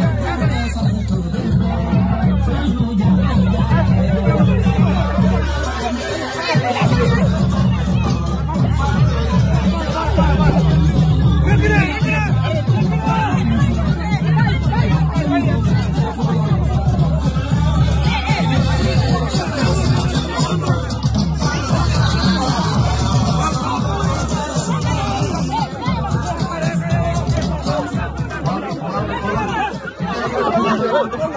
Thank you.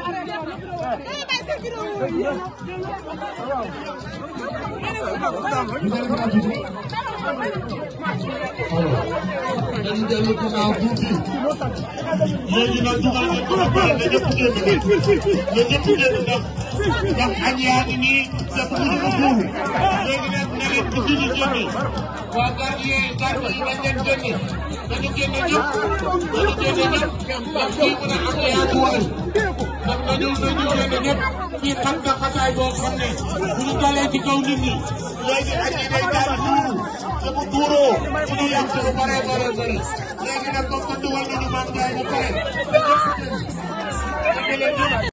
dañu dellu gannaaw tuuti léegi nag dugal nañu ko xamal ne ñëpp génn ne ñëpp génn ndax ndax ak yaa ngi nii def nañu ko buur léegi nag na leen di gën a génn waa gardien gardien yi dañ leen génn dañu génn ñëpp dañu génn ñëpp ndax fii mu ne am na yaa ngi war ndax dañoo dañu génn ñëpp ci xam nga xasaay boo xam ne bu ñu dalee ci kaw nit ñi léegi ak yi day daal duuru te bu duuroo ci ñuy am ci lu bare bare bare léegi nag comme que dugal nañu Mame Ndiaye ba pare